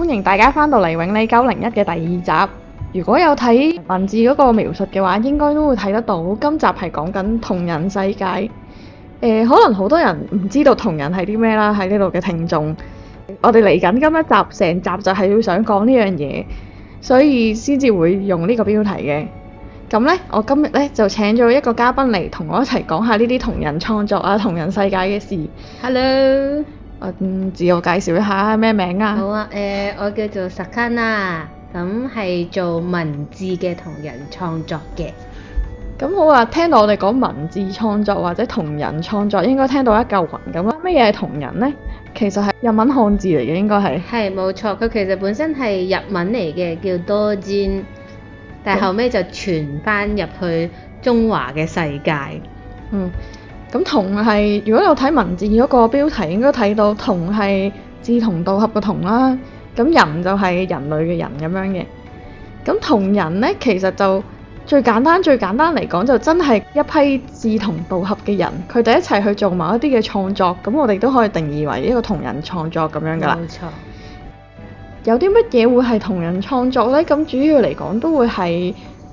歡迎大家翻到《嚟永禮九零一》嘅第二集。如果有睇文字嗰個描述嘅話，應該都會睇得到。今集係講緊同人世界。誒、呃，可能好多人唔知道同人係啲咩啦，喺呢度嘅聽眾。我哋嚟緊今一集，成集就係要想講呢樣嘢，所以先至會用呢個標題嘅。咁呢，我今日呢就請咗一個嘉賓嚟同我一齊講下呢啲同人創作啊、同人世界嘅事。Hello。我自我介紹一下，咩名啊？好啊，誒、呃，我叫做 Sakana 啊，咁係做文字嘅同人創作嘅。咁、嗯、好啊，聽到我哋講文字創作或者同人創作，應該聽到一嚿雲咁啦。咩嘢係同人咧？其實係日文漢字嚟嘅，應該係。係冇錯，佢其實本身係日文嚟嘅，叫 Doujin，但後尾就傳翻入去中華嘅世界。嗯。嗯咁同係，如果有睇文字嗰個標題，應該睇到同係志同道合嘅同啦。咁人就係人類嘅人咁樣嘅。咁同人咧，其實就最簡單最簡單嚟講，就真係一批志同道合嘅人，佢哋一齊去做某一啲嘅創作。咁我哋都可以定義為一個同人創作咁樣噶啦。冇錯錯。有啲乜嘢會係同人創作咧？咁主要嚟講都會係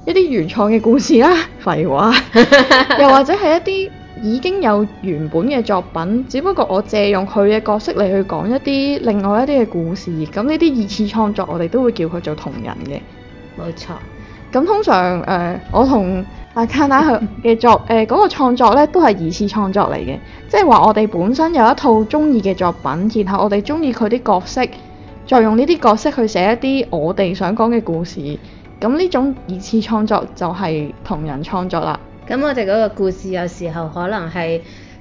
一啲原創嘅故事啦、啊，廢話， 又或者係一啲。已經有原本嘅作品，只不過我借用佢嘅角色嚟去講一啲另外一啲嘅故事。咁呢啲二次創作，我哋都會叫佢做同人嘅。冇錯。咁通常誒、呃，我同 Sakana 嘅作誒嗰、 呃嗰個創作咧，都係二次創作嚟嘅。即係話我哋本身有一套中意嘅作品，然後我哋中意佢啲角色，再用呢啲角色去寫一啲我哋想講嘅故事。咁呢種二次創作就係同人創作啦。咁我哋嗰個故事有時候可能係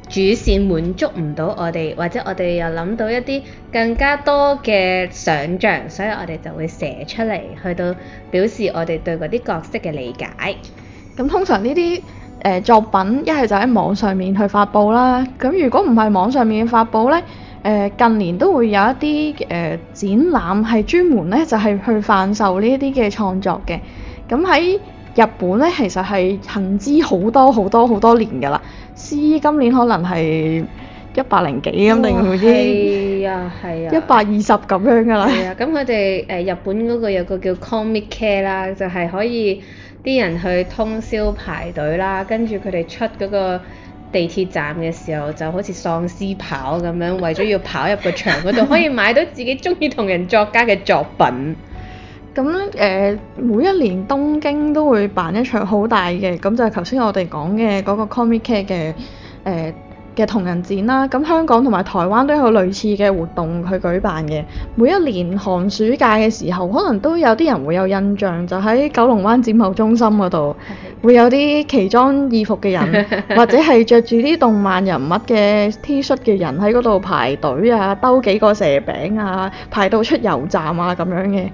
主線滿足唔到我哋，或者我哋又諗到一啲更加多嘅想像，所以我哋就會寫出嚟，去到表示我哋對嗰啲角色嘅理解。咁通常呢啲誒作品，一係就喺網上面去發布啦。咁如果唔係網上面嘅發布咧，誒、呃、近年都會有一啲誒、呃、展覽係專門咧，就係、係、去販售呢啲嘅創作嘅。咁喺日本咧，其實係行之好多好多好多年㗎啦，C 今年可能係一百零幾咁定嗰知？係啊係啊，一百二十咁樣㗎啦。係啊，咁佢哋誒日本嗰個有個叫 Comic Care 啦，就係可以啲人去通宵排隊啦，跟住佢哋出嗰個地鐵站嘅時候，就好似喪屍跑咁樣，為咗要跑入個場嗰度，可以買到自己中意同人作家嘅作品。 咁誒、呃，每一年東京都會辦一場好大嘅，咁就係頭先我哋講嘅嗰個 Comiket 嘅誒嘅、呃、同人展啦。咁香港同埋台灣都有類似嘅活動去舉辦嘅。每一年寒暑假嘅時候，可能都有啲人會有印象，就喺九龍灣展貿中心嗰度， 會有啲奇裝異服嘅人， 或者係着住啲動漫人物嘅 T-shirt 嘅人喺嗰度排隊啊，兜幾個蛇餅啊，排到出油站啊咁樣嘅。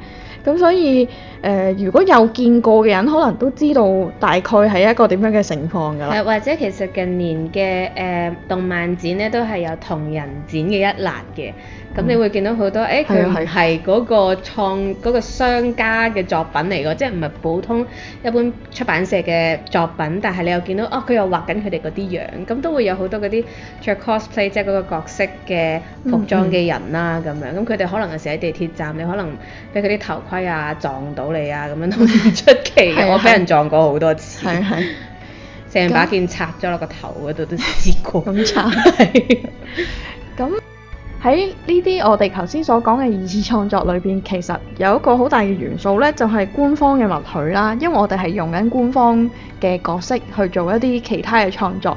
咁所以誒、呃，如果有見過嘅人，可能都知道大概係一個點樣嘅情況㗎啦。或者其實近年嘅誒、呃、動漫展咧，都係有同人展嘅一欄嘅。咁、嗯、你會見到好多，誒、欸，佢係個創嗎、那個商家嘅作品嚟㗎，即係唔係普通一般出版社嘅作品。但係你又見到哦，佢又畫緊佢哋嗰啲樣，咁、嗯、都會有好多嗰啲着 cosplay 即係嗰個角色嘅服裝嘅人啦，咁、嗯嗯、樣，咁佢哋可能有時喺地鐵站，你可能俾佢啲頭。係啊，哎，撞到你啊，咁樣都唔出奇。 的我俾人撞過好多次，係係，成把劍插咗落個頭嗰度都試過。咁插係。咁喺呢啲我哋頭先所講嘅二次創作裏邊，其實有一個好大嘅元素咧，就係、是、官方嘅默許啦。因為我哋係用緊官方嘅角色去做一啲其他嘅創作。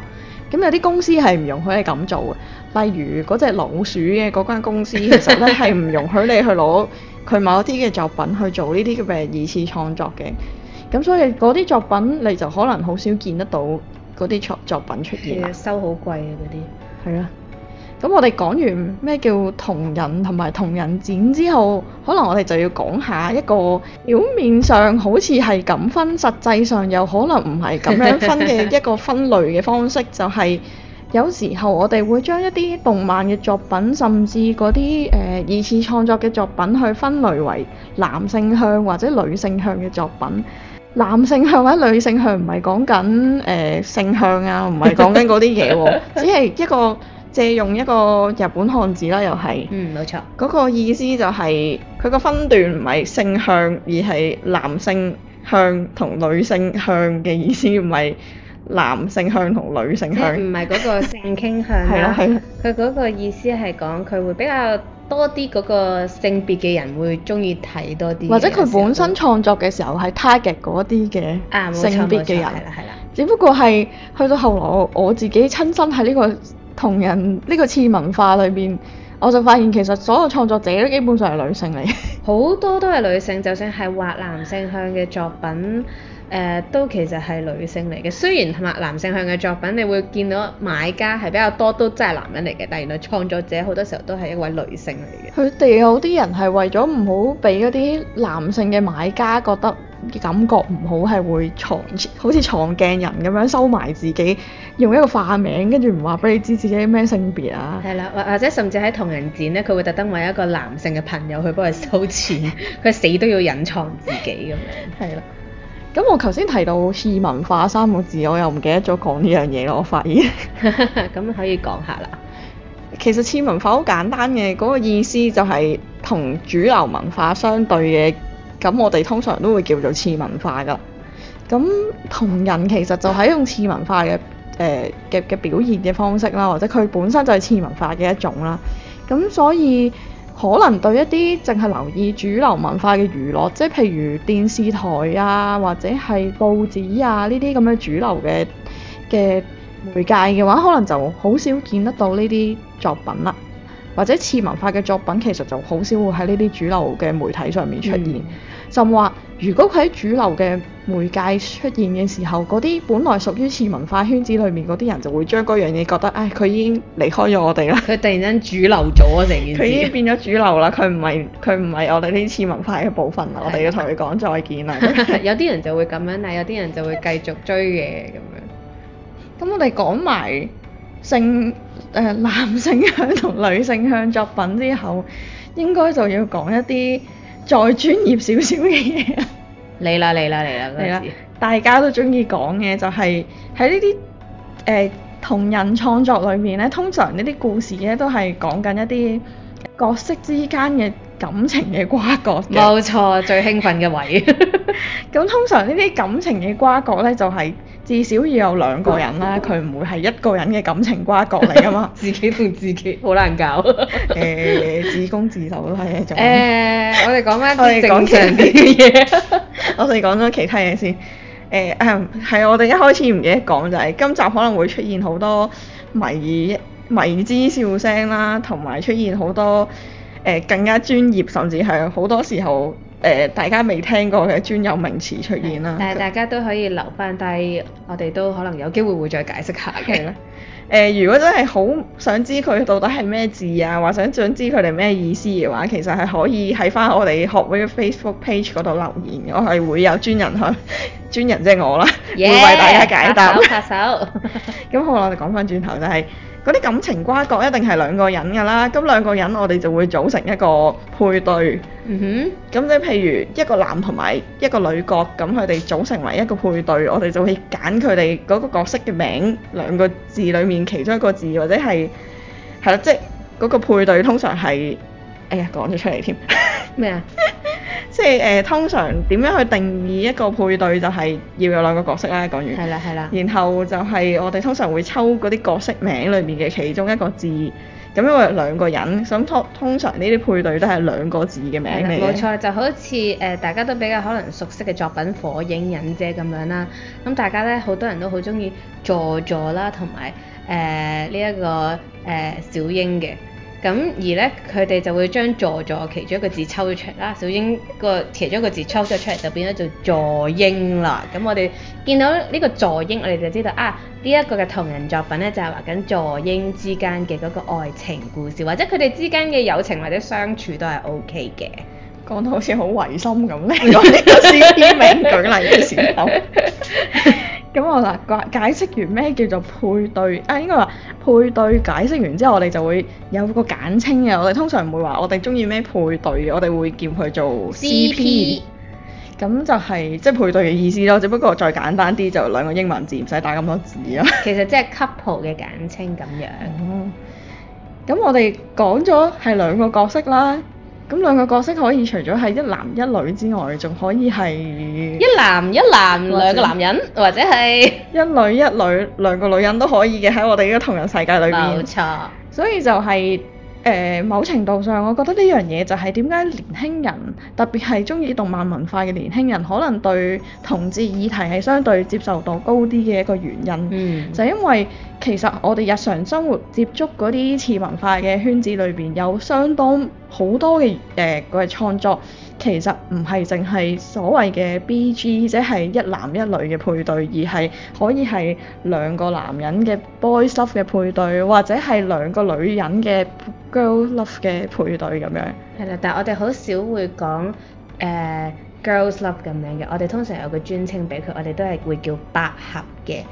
咁有啲公司係唔容許你咁做嘅。例如嗰隻老鼠嘅嗰間公司呢，其實咧係唔容許你去攞。佢某一啲嘅作品去做呢啲嘅二次創作嘅，咁所以嗰啲作品你就可能好少見得到嗰啲作品出現啦。收好貴啊！嗰啲係啊，咁我哋講完咩叫同人同埋同人展之後，可能我哋就要講下一個表面上好似係咁分，實際上又可能唔係咁樣分嘅一個分類嘅方式， 就係、是。有時候我哋會將一啲動漫嘅作品，甚至嗰啲誒二次創作嘅作品，去分類為男性向或者女性向嘅作品。男性向或者女性向唔係講緊誒性向啊，唔係講緊嗰啲嘢喎， 只係一個借用一個日本漢字啦，又係。嗯，冇錯。嗰個意思就係佢個分段唔係性向，而係男性向同女性向嘅意思，唔係。男性向同女性向，即係唔係嗰個性傾向。係啦係啦。佢嗰個意思係講佢會比較多啲嗰個性別嘅人會中意睇多啲。或者佢本身創作嘅時候係 target 嗰啲嘅性別嘅人，係啦係啦。只不過係去到後來我自己親身喺呢個同人呢個次文化裏邊，我就發現其實所有創作者都基本上係女性嚟嘅。好多都係女性，就算係畫男性向嘅作品。誒、呃、都其實係女性嚟嘅，雖然係嘛男性向嘅作品，你會見到買家係比較多都真係男人嚟嘅，但原來創作者好多時候都係一位女性嚟嘅。佢哋有啲人係為咗唔好俾嗰啲男性嘅買家覺得感覺唔好，係會藏好似藏鏡人咁樣收埋自己，用一個化名跟住唔話俾你知自己咩性別啊。係啦，或或者甚至喺同人展咧，佢會特登揾一個男性嘅朋友去幫佢收錢，佢 死都要隱藏自己咁樣。係啦。 咁我頭先提到次文化三個字，我又唔記得咗講呢樣嘢咯，我發現。咁可以講下啦。其實次文化好簡單嘅，嗰個意思就係同主流文化相對嘅，咁我哋通常都會叫做次文化㗎。咁同人其實就係一種次文化嘅誒嘅嘅表現嘅方式啦，或者佢本身就係次文化嘅一種啦。咁所以。可能對一啲淨係留意主流文化嘅娛樂，即係譬如電視台啊，或者係報紙啊呢啲咁樣主流嘅嘅媒介嘅話，可能就好少見得到呢啲作品啦。或者次文化嘅作品其實就好少會喺呢啲主流嘅媒體上面出現，就話、嗯、如果佢喺主流嘅媒介出現嘅時候，嗰啲本來屬於次文化圈子裏面嗰啲人就會將嗰樣嘢覺得，唉、哎，佢已經離開咗我哋啦。佢突然間主流咗成件事。佢 已經變咗主流啦，佢唔係，佢唔係我哋呢次文化嘅部分啦， 我哋要同佢講再見啦。 有啲人就會咁樣，但有啲人就會繼續追嘅咁樣，咁我哋講埋性誒、呃、男性向同女性向作品之後，應該就要講一啲再專業少少嘅嘢。嚟啦嚟啦嚟啦！嚟啦 大家都鍾意講嘅就係喺呢啲誒同人創作裏面咧，通常呢啲故事咧都係講緊一啲角色之間嘅感情嘅瓜葛冇錯，最興奮嘅位。咁 通常呢啲感情嘅瓜葛呢，就係、係、至少要有兩個人啦，佢唔 會係一個人嘅感情瓜葛嚟啊嘛。 自己同自己好難搞。誒、 呃，自攻自受都係一種。誒 、呃，我哋講咩？ 我哋講正經嘢。我哋講咗其他嘢先。誒、呃，係我哋一開始唔記得講就係、係，今集可能會出現好多迷迷之笑聲啦，同埋出現好多。誒、呃、更加專業，甚至係好多時候誒、呃、大家未聽過嘅專有名詞出現啦。但係大家都可以留翻低， 我哋都可能有機會會再解釋下嘅。啦。誒，如果真係好想知佢到底係咩字啊，或想想知佢哋咩意思嘅話，其實係可以喺翻我哋學會嘅 Facebook page 嗰度留言，我係會有專人去， 專人即係我啦， yeah, 會為大家解答。拍手拍手。咁 好，我哋講翻轉頭就係、是。嗰啲感情瓜葛一定係兩個人㗎啦，咁兩個人我哋就會組成一個配對。嗯哼。咁即係譬如一個男同埋一個女角，咁佢哋組成為一個配對，我哋就會揀佢哋嗰個角色嘅名，兩個字裡面其中一個字，或者係。係啦，即係嗰個配對通常係，哎呀，講咗出嚟添。咩啊？麼 即係誒、呃，通常點樣去定義一個配對就係、是、要有兩個角色啦。講完。係啦，係啦。然後就係我哋通常會抽嗰啲角色名裏面嘅其中一個字，咁因為兩個人，咁通通常呢啲配對都係兩個字嘅名嚟嘅。冇錯，就好似誒、呃、大家都比較可能熟悉嘅作品《火影忍者》咁樣啦。咁、嗯、大家咧好多人都好中意佐助啦，同埋誒呢一個誒、呃、小英嘅。咁而咧，佢哋就會將助助其中一個字抽出啦，小英個其中一個字抽咗出嚟，就變咗做助英啦。咁我哋見到呢個助英，我哋就知道啊，呢、這、一個嘅同人作品咧，就係、是、畫緊助英之間嘅嗰個愛情故事，或者佢哋之間嘅友情或者相處都係 O K 嘅。講到好似好違心咁咧，我呢個先編名舉例嘅時候。咁我話解解釋完咩叫做配對啊，應該話配對解釋完之後，我哋就會有個簡稱嘅。我哋通常唔會話我哋中意咩配對，我哋會叫佢做 CP, CP。咁就係、是、即係配對嘅意思咯，只不過再簡單啲就兩個英文字，唔使打咁多字啊。其實即係 couple 嘅簡稱咁樣。咁、嗯、我哋講咗係兩個角色啦。咁兩個角色可以除咗係一男一女之外，仲可以係一男一男兩個男人，或者係一女一女兩個女人都可以嘅，喺我哋呢個同人世界裏邊。冇錯，所以就係、是、誒、呃、某程度上，我覺得呢樣嘢就係點解年輕人特別係中意動漫文化嘅年輕人，可能對同志議題係相對接受度高啲嘅一個原因，嗯、就係因為。其實我哋日常生活接觸嗰啲次文化嘅圈子裏邊，有相當好多嘅誒，佢、呃、嘅創作其實唔係淨係所謂嘅 BG，即係一男一女嘅配對，而係可以係兩個男人嘅 Boys Love 嘅配對，或者係兩個女人嘅 Girl Love 嘅配對咁樣。係啦，但係我哋好少會講誒、uh, Girls Love 咁樣嘅，我哋通常有個專稱俾佢，我哋都係會叫百合嘅。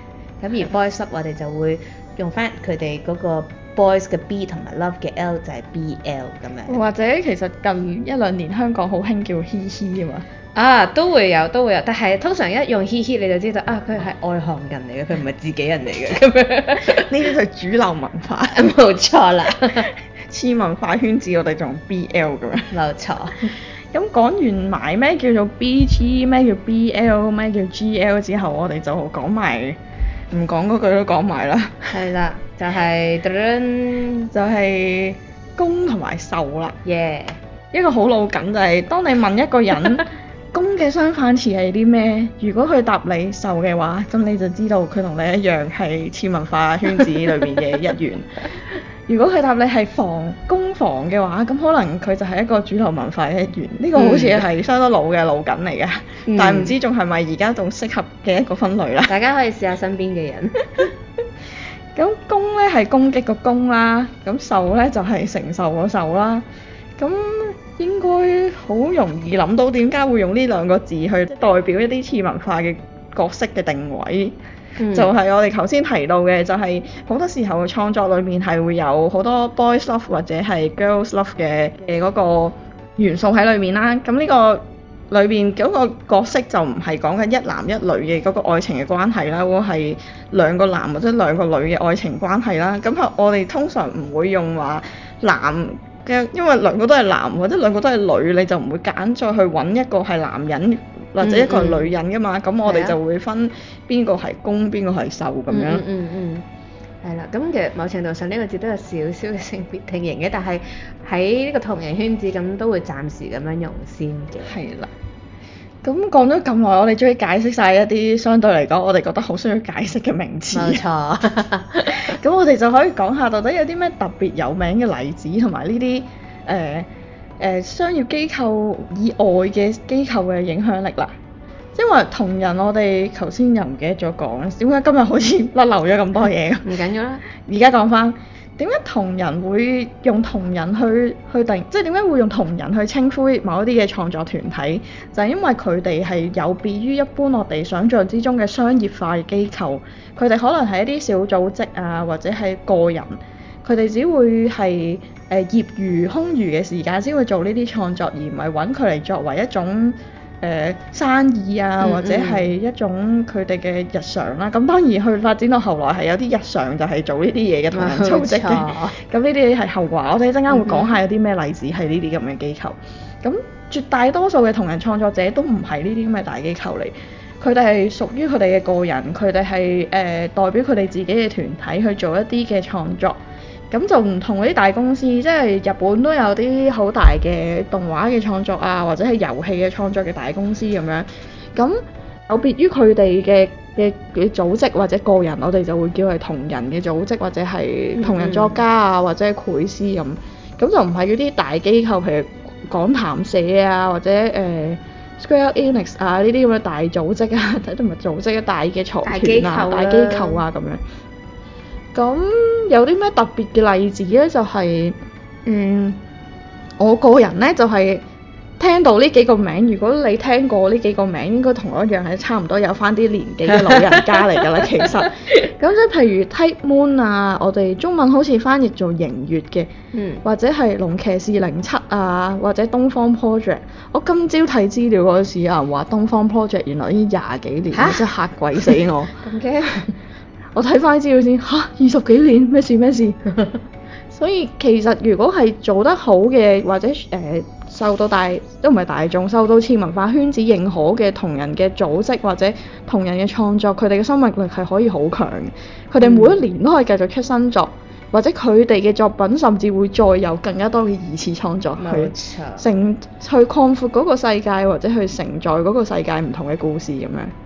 咁而 boys love 我哋就會用翻佢哋嗰個 boys 嘅 B 同埋 love 嘅 L 就係 B L 咁樣，或者其實近一兩年香港好興叫嘻嘻啊嘛啊都會有都會有，但係通常一用嘻嘻你就知道啊佢係外行人嚟嘅，佢唔係自己人嚟嘅咁樣。呢啲就係主流文化，冇 錯啦。次 文化圈子我哋仲用 B L 咁樣，冇 錯。咁講完埋咩叫做 B G 咩叫 B L 咩叫 G L 之後，我哋就講埋。唔講嗰句都講埋啦，係啦，就係、是，噶噶就係攻同埋受啦，耶！Yeah. 一個好老梗就係、是，當你問一個人 攻嘅相反詞係啲咩，如果佢答你受嘅話，咁你就知道佢同你一樣係次文化圈子裏面嘅一員。 如果佢答你係防攻防嘅話，咁可能佢就係一個主流文化嘅一員。呢、這個好似係相當老嘅老梗嚟嘅，嗯、但係唔知仲係咪而家仲適合嘅一個分類啦。大家可以試下身邊嘅人。咁 攻呢係攻擊個攻啦，咁受呢就係、是、承受個受啦。咁應該好容易諗到點解會用呢兩個字去代表一啲次文化嘅角色嘅定位。 就係我哋頭先提到嘅，就係好多時候嘅創作裏面係會有好多 boys love 或者係 girls love 嘅誒嗰個元素喺裏面啦。咁呢個裏面嗰個角色就唔係講緊一男一女嘅嗰個愛情嘅關係啦，會係兩個男或者兩個女嘅愛情關係啦。咁我哋通常唔會用話男。因為兩個都係男或者兩個都係女，你就唔會揀再去揾一個係男人或者一個係女人噶嘛。咁、嗯嗯、我哋就會分邊個係公，邊個係受咁樣。嗯嗯嗯，係啦樣。咁、嗯嗯嗯、其實某程度上呢個字都有少少嘅性別定型嘅，但係喺呢個同人圈子咁都會暫時咁樣用先嘅。係啦。咁講咗咁耐，我哋終於解釋晒一啲相對嚟講我哋覺得好需要解釋嘅名詞。冇錯。 咁我哋就可以講下到底有啲咩特別有名嘅例子，同埋呢啲誒誒商業機構以外嘅機構嘅影響力啦。因為同人，我哋頭先又唔記得咗講，點解今日好似甩漏咗咁多嘢？唔緊要啦，而家講翻。點解同人會用同人去去定，即係點解會用同人去稱呼某一啲嘅創作團體？就係、是、因為佢哋係有別於一般我哋想象之中嘅商業化機構，佢哋可能係一啲小組織啊，或者係個人，佢哋只會係誒、呃、業餘空餘嘅時間先會做呢啲創作，而唔係揾佢嚟作為一種。誒、呃、生意啊，或者係一種佢哋嘅日常啦、啊。咁、嗯嗯、當然去發展到後來係有啲日常就係做呢啲嘢嘅同人組織嘅。咁呢啲嘢係後話。我哋一陣間會講下有啲咩例子係呢啲咁嘅機構。咁、嗯嗯、絕大多數嘅同人創作者都唔係呢啲咁嘅大機構嚟，佢哋係屬於佢哋嘅個人，佢哋係誒代表佢哋自己嘅團體去做一啲嘅創作。咁就唔同嗰啲大公司，即係日本都有啲好大嘅動畫嘅創作啊，或者係遊戲嘅創作嘅大公司咁樣。咁有別於佢哋嘅嘅嘅組織或者個人，我哋就會叫係同人嘅組織或者係同人作家啊，或者係繪師咁。咁就唔係嗰啲大機構，譬如講談社啊，或者誒、呃、Square Enix 啊呢啲咁嘅大組織啊，同 埋組織嘅、啊、大嘅財團啊、大機構啊咁、啊、樣。咁有啲咩特別嘅例子咧？就係、是、嗯，我個人咧就係、是、聽到呢幾個名。如果你聽過呢幾個名，應該同我一樣係差唔多有翻啲年紀嘅老人家嚟㗎啦。 其實咁即係譬如 Type Moon 啊，我哋中文好似翻譯做盈月嘅，嗯、或者係龍騎士零七啊，或者東方 Project。我今朝睇資料嗰時啊，話東方 Project 原來已經廿幾年，哈真係嚇鬼死我！ 我睇翻資料先看看，嚇二十幾年咩事咩事？事 所以其實如果係做得好嘅，或者誒、呃、受到大都唔係大眾，受到次文化圈子認可嘅同人嘅組織或者同人嘅創作，佢哋嘅生命力係可以好強嘅。佢哋每一年都可以繼續出新作，嗯、或者佢哋嘅作品甚至會再有更加多嘅二次創作去成去擴闊嗰個世界，或者去承載嗰個世界唔同嘅故事咁樣。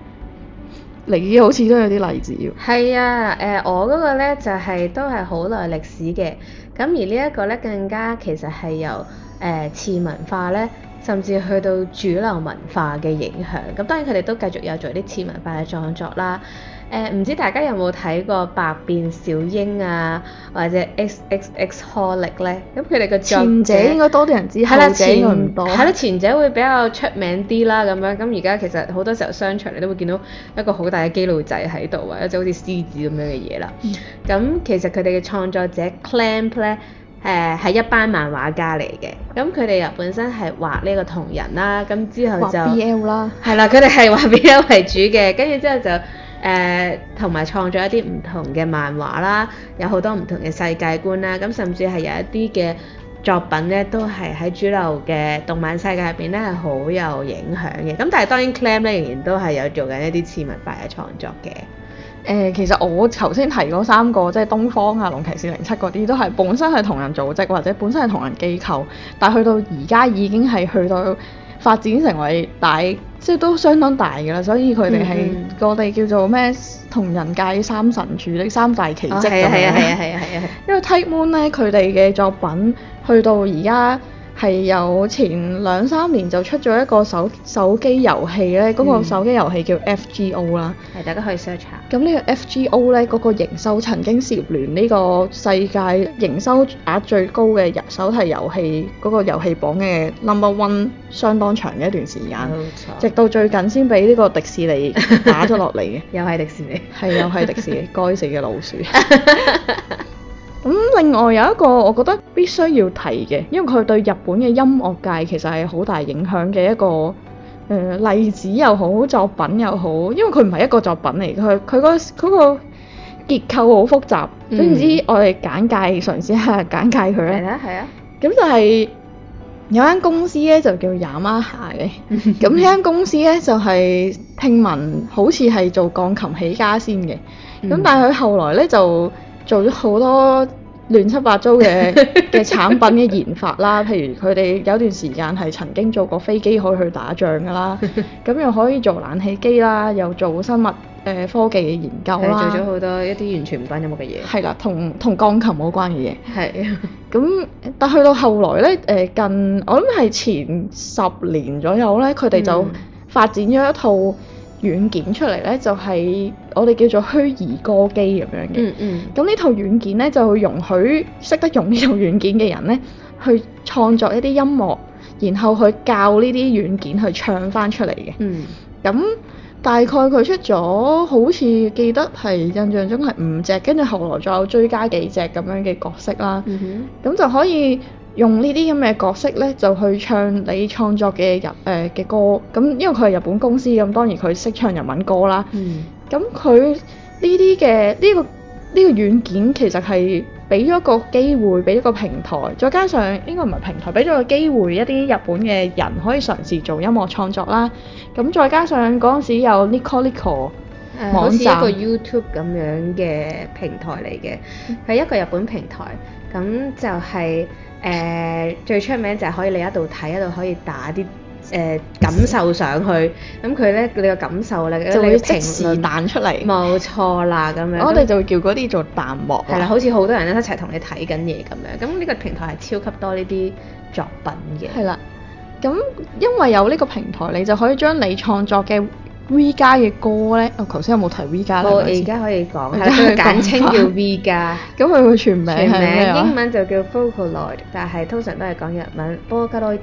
你好似都有啲例子？係啊，誒、呃，我嗰個咧就係、是、都係好耐歷史嘅，咁而呢一個咧更加其實係由誒、呃、次文化咧，甚至去到主流文化嘅影響，咁當然佢哋都繼續有做啲次文化嘅創作啦。誒、呃，唔知大家有冇睇過《百變小櫻》啊，或者 XXXHOLiC 咧？咁佢哋個作者應該多啲人知，後者應該唔多。係啦，前者會比較出名啲啦。咁樣咁而家其實好多時候商場你都會見到一個好大嘅基路仔喺度啊，一隻好似獅子咁樣嘅嘢啦。咁、嗯、其實佢哋嘅創作者 Clamp 咧。Cl 誒係、呃、一班漫畫家嚟嘅，咁佢哋又本身係畫呢個同人啦，咁之後就畫 BL 啦，係啦，佢哋係畫 BL 為主嘅，跟住之後就誒同埋創作一啲唔同嘅漫畫啦，有好多唔同嘅世界觀啦，咁甚至係有一啲嘅作品咧，都係喺主流嘅動漫世界入邊咧係好有影響嘅，咁但係當然 CLAMP 咧仍然都係有做緊一啲次文化嘅創作嘅。誒、呃，其實我頭先提嗰三個，即係東方啊、龍騎士零七嗰啲，都係本身係同人組織或者本身係同人機構，但係去到而家已經係去到發展成為大，即係都相當大嘅啦。所以佢哋係我哋叫做咩同人界三神柱，呢三大奇蹟。係啊係啊係啊係啊！啊啊啊啊啊啊啊，因為 Type-Moon 咧，佢哋嘅作品去到而家。係有前兩三年就出咗一個手手機遊戲咧，嗰個手機遊戲叫 F G O 啦、嗯。係大家可以 search 下。咁呢個 F G O 咧，嗰個營收曾經蟬聯呢個世界營收額最高嘅遊手提遊戲嗰個遊戲榜嘅 number one，相當長嘅一段時間，錯直到最近先俾呢個迪士尼打咗落嚟嘅。 又係迪士尼。係 又係迪士尼，該 死嘅老鼠。 咁另外有一個我覺得必須要提嘅，因為佢對日本嘅音樂界其實係好大影響嘅一個誒例子又好，作品又好。因為佢唔係一個作品嚟，佢佢嗰嗰個結構好複雜。總之我哋簡介嘗試下簡介佢咧？係啊，係啊。咁就係有間公司咧，就叫雅馬哈嘅。咁呢間公司咧，就係聽聞好似係做鋼琴起家先嘅。咁但係佢後來咧就做咗好多亂七八糟嘅嘅 產品嘅研發啦，譬如佢哋有段時間係曾經做過飛機可以去打仗噶啦，咁 又可以做冷氣機啦，又做生物誒、呃、科技嘅研究啦。做咗好多一啲完全唔關音樂嘅嘢。係啦， 同同鋼琴冇關嘅嘢。係。 咁但去到後來咧，誒、呃、近我諗係前十年左右咧，佢哋就發展咗一套。軟件出嚟呢，就係我哋叫做虛擬歌機咁樣嘅。嗯嗯。咁呢套軟件呢，就會容許識得用呢套軟件嘅人呢，去創作一啲音樂，然後去教呢啲軟件去唱翻出嚟嘅。嗯。咁大概佢出咗，好似記得係印象中係五隻，跟住後來再追加幾隻咁樣嘅角色啦。嗯哼。咁就可以。用呢啲咁嘅角色咧，就去唱你創作嘅日誒嘅、呃、歌。咁因為佢係日本公司，咁當然佢識唱日文歌啦。咁佢呢啲嘅呢個呢、呢個軟件其實係俾咗個機會，俾一個平台。再加上應該唔係平台，俾咗個機會一啲日本嘅人可以嘗試做音樂創作啦。咁再加上嗰陣時有 Niconico 網站，好似一個 YouTube 咁樣嘅平台嚟嘅，係一個日本平台。咁、嗯、就係、是。誒、呃、最出名就係可以你喺度睇，喺度可以打啲誒、呃、感受上去，咁佢咧你個感受咧就會即時彈出嚟，冇錯啦咁樣。我哋就叫嗰啲做彈幕。係啦、嗯，好似好多人一齊同你睇緊嘢咁樣。咁呢個平台係超級多呢啲作品嘅。係啦，咁因為有呢個平台，你就可以將你創作嘅。V 家嘅歌咧，我頭先有冇提 V 家？我哋而家可以講，係佢簡稱叫 V 家、 嗯。咁佢嘅全名係咩啊？英文就叫 Vocaloid，但係通常都係講日文，Vocaloid。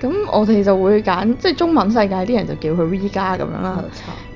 咁、嗯、我哋就會揀，即係中文世界啲人就叫佢 V 家咁樣啦。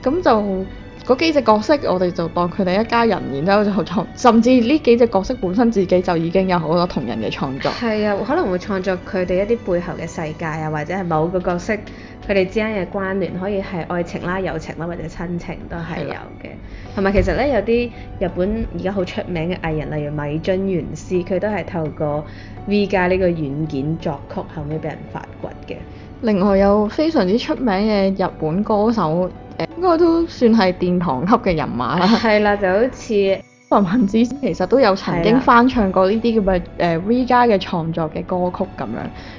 冇錯。咁、嗯、就。嗰幾隻角色，我哋就當佢哋一家人，然之後就創，甚至呢幾隻角色本身自己就已經有好多同人嘅創作。係啊，可能會創作佢哋一啲背後嘅世界啊，或者係某個角色佢哋之間嘅關聯，可以係愛情啦、友情啦或者親情都係有嘅。同埋的其實咧，有啲日本而家好出名嘅藝人，例如米津玄師，佢都係透過 V 家呢個軟件作曲，後尾俾人發掘嘅。另外有非常之出名嘅日本歌手，誒、呃、應該都算係殿堂級嘅人馬啦。係啦， 就好似阿文文子其實都有曾經翻唱過呢啲叫咩誒 V 家嘅創作嘅歌曲咁樣。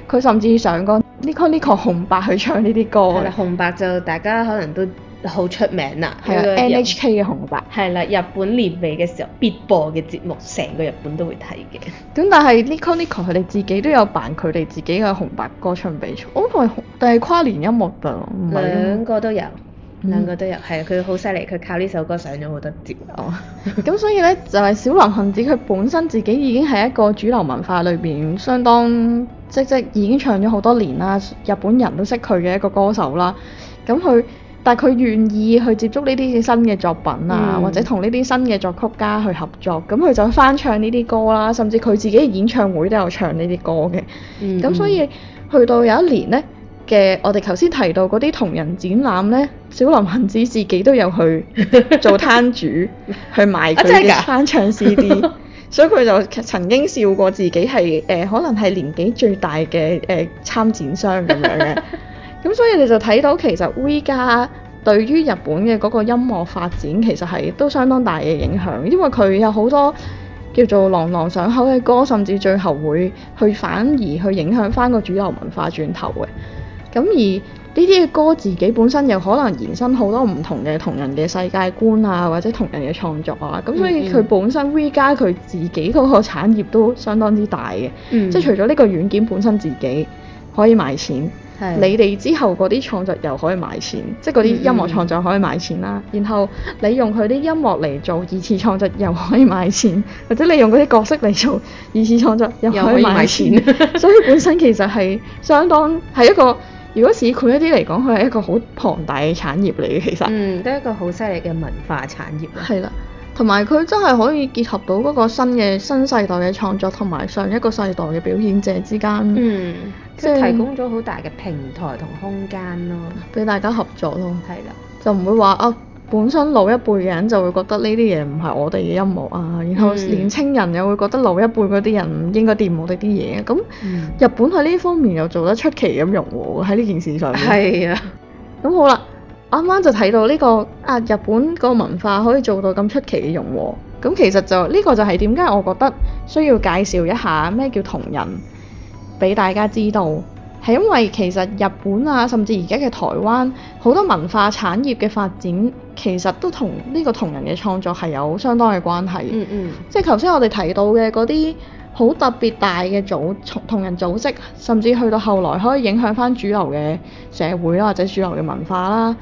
佢甚至上過 Nico Nico 紅白去唱呢啲歌。係紅白就大家可能都。好出名啦，係啊 NHK 嘅紅白，係啦，日本年尾嘅時候必播嘅節目，成個日本都會睇嘅。咁 但係 Niconico 佢哋自己都有辦佢哋自己嘅紅白歌唱比賽，我唔係，但係跨年音樂啊，兩個都有，兩個都有，係啊，佢好犀利，佢靠呢首歌上咗好多節哦。咁 所以咧就係、是、小林幸子，佢本身自己已經係一個主流文化裏邊相當即，即即已經唱咗好多年啦，日本人都識佢嘅一個歌手啦。咁佢。但係佢願意去接觸呢啲新嘅作品啊，嗯、或者同呢啲新嘅作曲家去合作，咁佢就翻唱呢啲歌啦，甚至佢自己嘅演唱會都有唱呢啲歌嘅。咁、嗯、所以、嗯、去到有一年呢嘅，我哋頭先提到嗰啲同人展覽呢，小林幸子自己都有去做攤主， 去賣佢嘅翻唱 CD，啊。 所以佢就曾經笑過自己係誒、呃，可能係年紀最大嘅誒參展商咁樣嘅。 咁所以你就睇到其實 V 家對於日本嘅嗰個音樂發展其實係都相當大嘅影響，因為佢有好多叫做朗朗上口嘅歌，甚至最後會去反而去影響翻個主流文化轉頭嘅。咁而呢啲嘅歌自己本身又可能延伸好多唔同嘅同人嘅世界觀啊，或者同人嘅創作啊。咁所以佢本身 V 家佢自己嗰個產業都相當之大嘅，嗯、即係除咗呢個軟件本身自己可以賣錢。你哋之後嗰啲創作又可以賣錢，即係嗰啲音樂創作可以賣錢啦。嗯、然後你用佢啲音樂嚟做二次創作又可以賣錢，或者你用嗰啲角色嚟做二次創作又可以賣錢。所以本身其實係相當係一個，如果視佢一啲嚟講，佢係一個好龐大嘅產業嚟嘅，其實。嗯，都係一個好犀利嘅文化產業。係啦。同埋佢真係可以結合到嗰個新嘅新世代嘅創作，同埋上一個世代嘅表演者之間，即係、嗯、提供咗好大嘅平台同空間咯，俾大家合作咯。係啦的，就唔會話啊，本身老一輩嘅人就會覺得呢啲嘢唔係我哋嘅音樂啊，嗯、然後年青人又會覺得老一輩嗰啲人唔應該掂我哋啲嘢。咁、嗯、日本喺呢方面又做得出奇咁融和喺呢件事上邊。係啊的，咁 好啦。啱啱就睇到呢個啊，日本個文化可以做到咁出奇嘅融合，咁其實就呢個就係點解我覺得需要介紹一下咩叫同人，俾大家知道，係因為其實日本啊，甚至而家嘅台灣好多文化產業嘅發展，其實都同呢個同人嘅創作係有相當嘅關係。嗯嗯。即係頭先我哋提到嘅嗰啲好特別大嘅組同人組織，甚至去到後來可以影響翻主流嘅社會啦、啊，或者主流嘅文化啦、啊。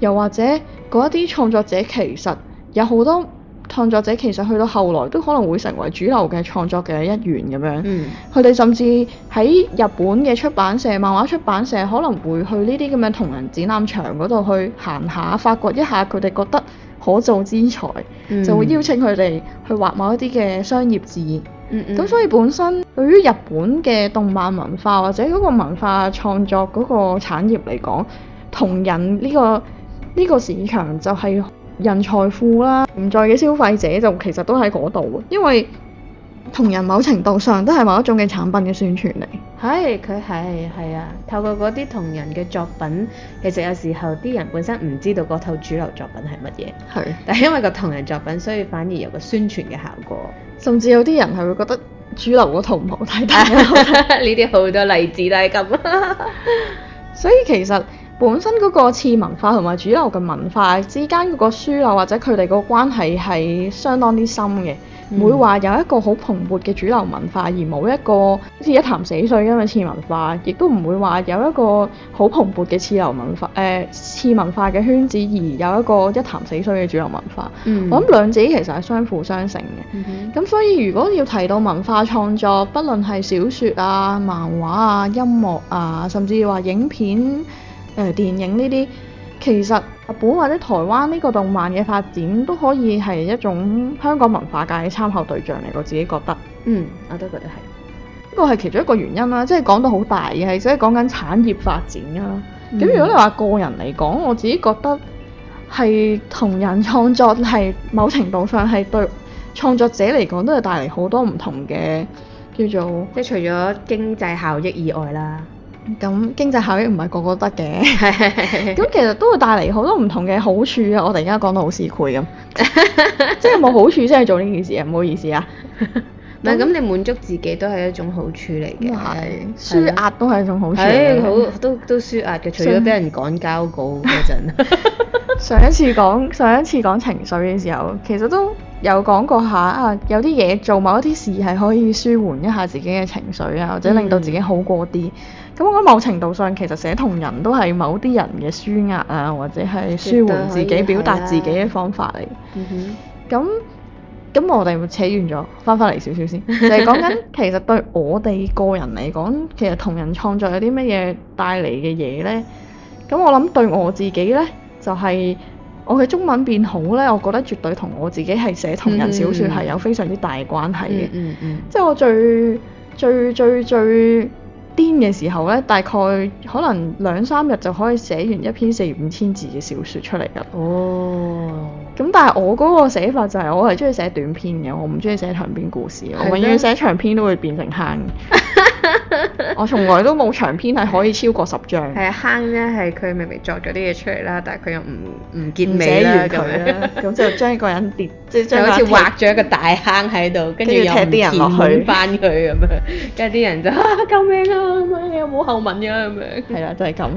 又或者嗰一啲創作者，其實有好多創作者其實去到後來都可能會成為主流嘅創作嘅一員咁樣，佢哋甚至喺日本嘅出版社、漫畫出版社可能會去呢啲咁嘅同人展覽場嗰度去行下，發掘一下佢哋覺得可造之材、嗯、就會邀請佢哋去畫某一啲嘅商業字。咁、嗯嗯、所以本身對於日本嘅動漫文化或者嗰個文化創作嗰個產業嚟講，同人呢個。呢個市場就係人財富啦，唔在嘅消費者就其實都喺嗰度。因為同人某程度上都係某一種嘅產品嘅宣傳嚟。係，佢係係啊，透過嗰啲同人嘅作品，其實有時候啲人本身唔知道嗰套主流作品係乜嘢，係是，但係因為個同人作品，所以反而有個宣傳嘅效果。甚至有啲人係會覺得主流嗰套唔好睇，睇呢啲，好多例子都係咁。 所以其實。本身嗰個次文化同埋主流嘅文化之間嗰個輸漏或者佢哋嗰個關係係相當啲深嘅，唔會話有一個好蓬勃嘅主流文化而冇一個好似一潭死水咁嘅次文化，亦都唔會話有一個好蓬勃嘅次流文化，誒、呃、次文化嘅圈子而有一個一潭死水嘅主流文化。嗯、我諗兩者其實係相輔相成嘅。咁、嗯、哼所以如果要提到文化創作，不論係小説啊、漫畫啊、音樂啊，甚至話影片。誒、呃、電影呢啲，其實日本或者台灣呢個動漫嘅發展都可以係一種香港文化界嘅參考對象嚟，我自己覺得。嗯，我都覺得係。呢個係其中一個原因啦，即係講到好大嘅係，所以講緊產業發展啦。咁如果你話個人嚟講，我自己覺得係同人創作係某程度上係對創作者嚟講都係帶嚟好多唔同嘅叫做，即係除咗經濟效益以外啦。咁經濟效益唔係個個得嘅，咁 其實都會帶嚟好多唔同嘅好處啊！我哋而家講到好市儈咁， 即係冇好處先係做呢件事啊！唔好意思啊，唔係咁，你滿足自己都係一種好處嚟嘅，係舒 壓都係一種好處，的 好都都舒壓嘅。除咗俾人趕交稿嗰陣，上一次講上一次講情緒嘅時候，其實都有講過下啊，有啲嘢做，某一啲事係可以舒緩一下自己嘅情緒啊，或者令到自己好過啲。嗯。咁我喺某程度上，其實寫同人，都係某啲人嘅舒壓啊，或者係舒緩自己、表達自己嘅方法嚟。咁咁、嗯哼，我哋咪扯遠咗，翻返嚟少少先點點。 就係講緊，其實對我哋個人嚟講，其實同人創作有啲乜嘢帶嚟嘅嘢呢？咁我諗對我自己呢，就係、是、我嘅中文變好呢，我覺得絕對同我自己係寫同人小說係有非常之大關係嘅。嗯嗯嗯嗯，即係我最、最最最最，癲嘅時候呢，大概可能兩三日就可以寫完一篇四五千字嘅小説出嚟㗎。哦。咁但係我嗰個寫法就係，我係中意寫短篇嘅，我唔中意寫長篇故事。Oh. 我永遠寫長篇都會變成坑。 我從來都冇長篇係可以超過十章，係坑啫，係佢明明作咗啲嘢出嚟啦，但係佢又唔唔結尾啦咁樣，咁 就將一個人跌，即是就好似挖咗一個大坑喺度，跟住有啲人落去翻佢咁樣，跟住啲人就、啊、救命啊咁、啊、樣，你有冇後文㗎咁樣？係啦，就係咁。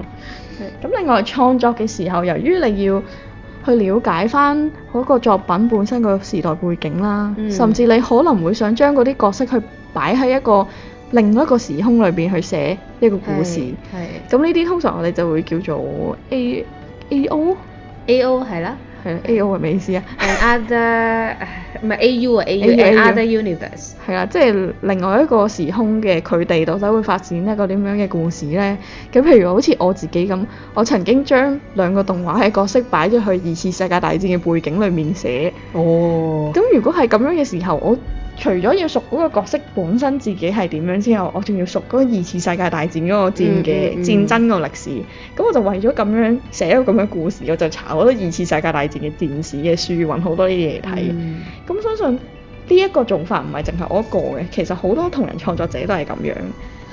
咁另外創作嘅時候，由於你要去了解翻嗰個作品本身個時代背景啦，甚至你可能會想將嗰啲角色去擺喺一個另外一個時空裏邊去寫一個故事，咁呢啲通常我哋就會叫做 A A O A O 係啦對，係 A O 係咩意思啊？other 唔係 A U 啊 A U，And other universe 係啦，即係另外一個時空嘅佢哋到底會發展一個點樣嘅故事咧？咁譬如好似我自己咁，我曾經將兩個動畫嘅角色擺咗去二次世界大戰嘅背景裏面寫。哦。咁如果係咁樣嘅時候，我除咗要熟嗰個角色本身自己係點樣之後，我仲要熟嗰個二次世界大戰嗰個戰嘅、嗯嗯嗯、戰爭個歷史。咁我就為咗咁樣寫一個咁樣故事，我就查好多二次世界大戰嘅戰史嘅書，揾好多呢啲嚟睇。咁、嗯、相信呢一個做法唔係淨係我一個嘅，其實好多同人創作者都係咁樣，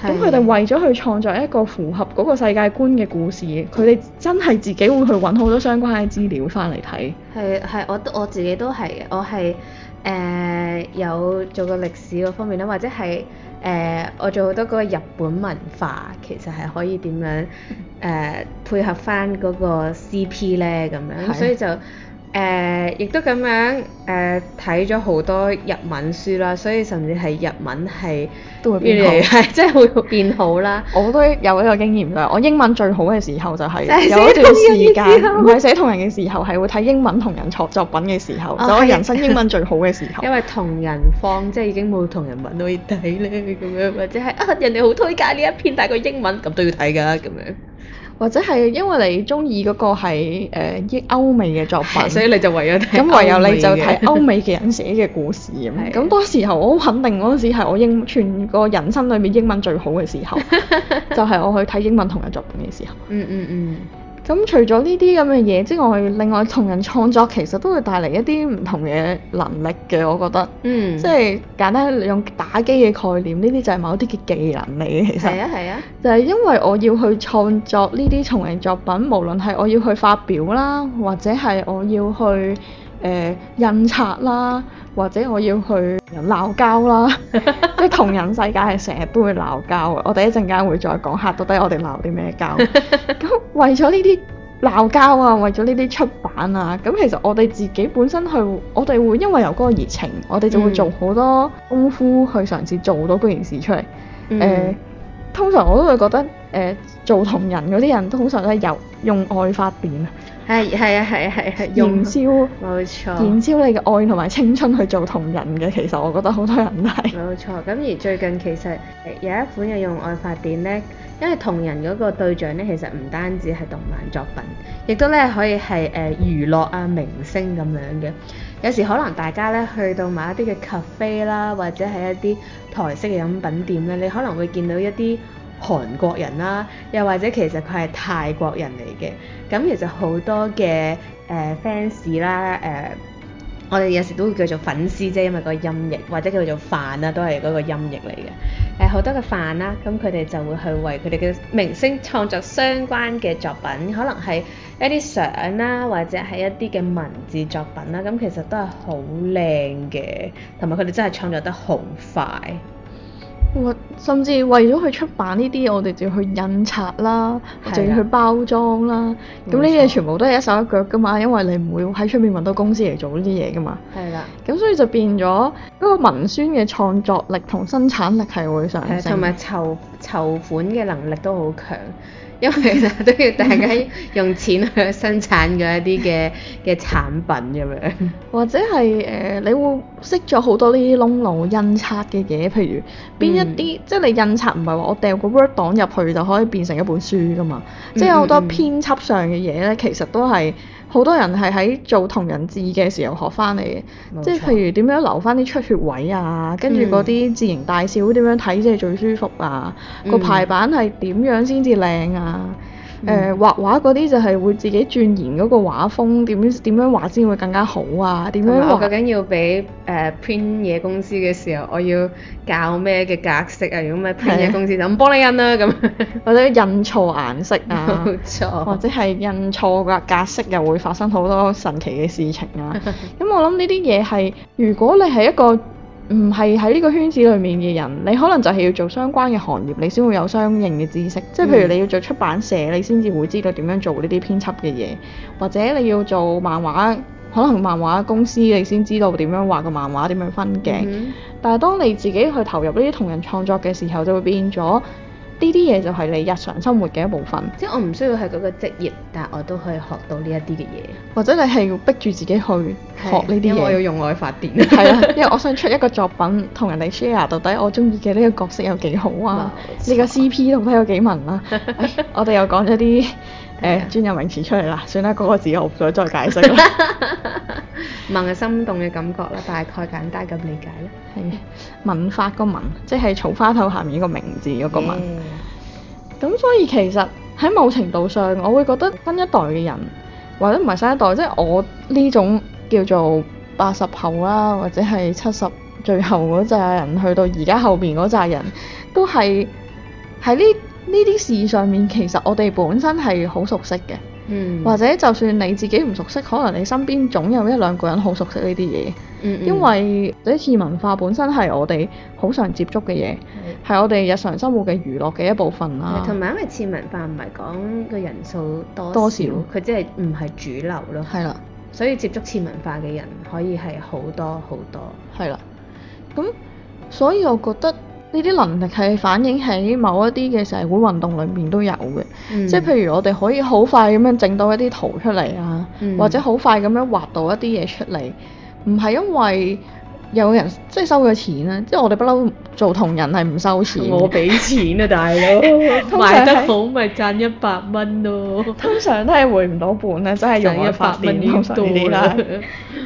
咁佢哋為咗去創作一個符合嗰個世界觀嘅故事，佢哋真係自己會去揾好多相關嘅資料翻嚟睇。係，係我都我自己都係我係。誒、呃，有做過歷史嗰方面啦，或者係誒、呃，我做好多嗰個日本文化，其實係可以點樣誒、 呃、配合翻嗰個 CP 咧咁樣、 嗯。所以就。誒，亦、呃、都咁樣誒，睇咗好多日文書啦，所以甚至係日文係越嚟越係真係會變好啦。好 我都有一個經驗就係，我英文最好嘅時候就係、係、 有一段時間唔係寫,寫同人嘅時候，係會睇英文同人作作品嘅時候，啊、就係我人生英文最好嘅時候。 因為同人放即係已經冇同人文可以睇咧，咁樣或者係啊人哋好推介呢一篇，但係個英文咁都要睇噶咁樣。或者係因為你中意嗰個係誒啲歐美嘅作品，所以你就唯有睇歐美嘅。咁唯有你就睇歐美嘅人寫嘅故事咁。咁多的時候我好肯定嗰陣時係我英全個人生裏面英文最好嘅時候， 就係我去睇英文同人作品嘅時候。嗯嗯嗯。嗯嗯咁除咗呢啲咁嘅嘢之外，另外同人創作其實都會帶嚟一啲唔同嘅能力嘅，我覺得。嗯。即係簡單用打機嘅概念，呢啲就係某啲嘅技能嚟嘅。其實。係啊，係啊。就係因為我要去創作呢啲同人作品，無論係我要去發表啦，或者係我要去，呃、印刷啦，或者我要去鬧交啦， 即係同人世界係成日都會鬧交嘅。 我哋一陣間會再講下到底我哋鬧啲咩交？咁 為咗呢啲鬧交啊，為咗呢啲出版啊，咁其實我哋自己本身去，我哋會因為有嗰個熱情，嗯、我哋就會做好多功夫去嘗試做到嗰件事出嚟。誒、嗯呃，通常我都會覺得誒、呃，做同人嗰啲人都好常都係由用愛發電誒係啊係啊係啊，燃燒冇錯，燃 燒你嘅愛同埋青春去做同人嘅，其實我覺得好多人都係冇錯。咁而最近其實有一款嘅用愛發電咧，因為同人嗰個對象咧，其實唔單止係動漫作品，亦都咧可以係誒娛樂啊明星咁樣嘅。有時可能大家咧去到某一啲嘅 cafe 啦，或者係一啲台式嘅飲品店咧，你可能會見到一啲韓國人啦，又或者其實佢係泰國人嚟嘅，咁其實好多嘅誒 fans 啦，誒、呃呃、我哋有時都會叫做粉絲啫，因為個音譯，或者叫做 fan 啦，都係嗰個音譯嚟嘅。誒、呃、好多嘅 fan 啦，咁佢哋就會去為佢哋嘅明星創作相關嘅作品，可能係一啲相啦，或者係一啲嘅文字作品啦，咁其實都係好靚嘅，同埋佢哋真係創作得好快。甚至為咗去出版呢啲，我哋就要去印刷啦，就要的去包裝啦。咁呢啲嘢全部都係一手一腳噶嘛，因為你唔會喺出邊揾到公司嚟做呢啲嘢噶嘛。係啦的。咁所以就變咗嗰個文宣嘅創作力同生產力係會上升，同埋籌籌款嘅能力都好強。因為其實都要大家用錢去生產嗰一啲嘅嘅產品咁樣，或者係誒、呃，你會識咗好多呢啲窿路印刷嘅嘢，譬如邊一啲，嗯、即係你印刷唔係話我掉個 Word 檔入去就可以變成一本書噶嘛，嗯、即係有好多編輯上嘅嘢咧，其實都係。好多人係喺做同人誌嘅時候學翻嚟嘅，冇錯。即係譬如點樣留翻啲出血位啊，跟住嗰啲字形大小點樣睇先係最舒服啊，個、嗯、排版係點樣先至靚啊？誒、嗯呃、畫畫嗰啲就係會自己鑽研嗰個畫風點點樣，樣畫先會更加好啊？點樣畫我究竟要俾誒 print 嘢公司嘅時候，我要教咩嘅格式啊？如果唔係 print 嘢公司就唔幫你印啦、啊、咁，的 或者印錯顏色啊， 或者係印錯個格式又會發生好多神奇嘅事情啊！咁 我諗呢啲嘢係如果你係一個唔係喺呢個圈子裡面嘅人，你可能就係要做相關嘅行業，你先會有相應嘅知識。即係譬如你要做出版社，你先至會知道點樣做呢啲編輯嘅嘢，或者你要做漫畫，可能漫畫公司你先知道點樣畫個漫畫，點樣分鏡。Mm hmm. 但係當你自己去投入呢啲同人創作嘅時候，就會變咗。呢啲嘢就係你日常生活嘅一部分。即係我唔需要係嗰個職業，但係我都可以學到呢一啲嘅嘢。或者你係要逼住自己去學呢啲嘢？我要用愛發電。係啊 ，因為我想出一個作品同人哋 share，到底我中意嘅呢個角色有幾好啊？錯你個 CP 到底有幾文啊？ 哎、我哋又講咗啲。誒，欸、的專有名詞出嚟啦，算啦，嗰、那個字我唔想再解釋啦。 文係心動嘅感覺啦，大概簡單咁理解啦。係。文法個文，即係草花頭下面呢個名字嗰個文。咁 Yeah. 所以其實喺某程度上，我會覺得新一代嘅人，或者唔係新一代，即、就、係、是、我呢種叫做八十後啦，或者係七十最後嗰扎人，去到而家後邊嗰扎人，都係喺呢。呢啲事上面，其實我哋本身係好熟悉嘅，嗯、或者就算你自己唔熟悉，可能你身邊總有一兩個人好熟悉呢啲嘢。嗯嗯，因為呢次文化本身係我哋好常接觸嘅嘢，係、嗯、我哋日常生活嘅娛樂嘅一部分啦、啊。同埋因為次文化唔係講個人數多多少，佢即係唔係主流咯。係啦，所以接觸次文化嘅人可以係好多好多。係啦，咁所以我覺得。呢啲能力係反映喺某一啲嘅社會運動裏面都有嘅，嗯、即係譬如我哋可以好快咁樣整到一啲圖出嚟啊，嗯、或者好快咁樣畫到一啲嘢出嚟，唔係因為有人即係收咗錢啊，即係我哋不嬲做同人係唔收錢嘅。我俾錢啊大佬，賣 是得好咪賺一百蚊咯。 通常都係回唔到本啦，真係用愛發電，一百蚊啲度啦。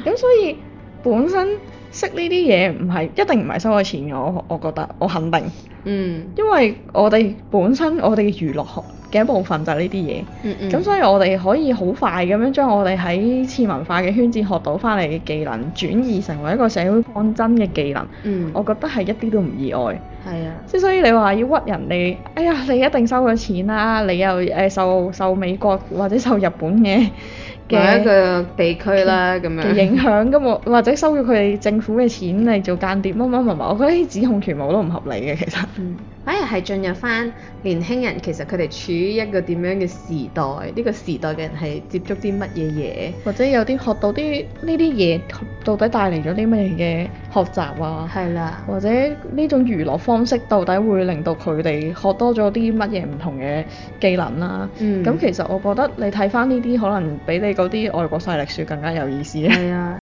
咁所以本身。識呢啲嘢唔係一定唔係收咗錢嘅，我我覺得我肯定。嗯。因為我哋本身我哋嘅娛樂學嘅一部分就係呢啲嘢。咁、嗯嗯、所以我哋可以好快咁樣將我哋喺次文化嘅圈子學到翻嚟嘅技能轉移成為一個社會抗爭嘅技能。嗯。我覺得係一啲都唔意外。係啊。即所以你話要屈人哋、哎，哎呀你一定收咗錢啦，你又誒、呃、受受美國或者受日本嘅。嘅一個地區啦，咁樣影響㗎嘛， 或者收咗佢哋政府嘅錢嚟做間諜，乜乜乜乜，我覺得啲指控全部都唔合理嘅，其實。 反而係進入翻年輕人，其實佢哋處於一個點樣嘅時代？呢個時代嘅人係接觸啲乜嘢嘢？或者有啲學到啲呢啲嘢，到底帶嚟咗啲乜嘢嘅學習啊？係啦。或者呢種娛樂方式，到底會令到佢哋學多咗啲乜嘢唔同嘅技能啦？嗯。咁其實我覺得你睇翻呢啲，可能比你嗰啲外國勢力說更加有意思啊！係啊。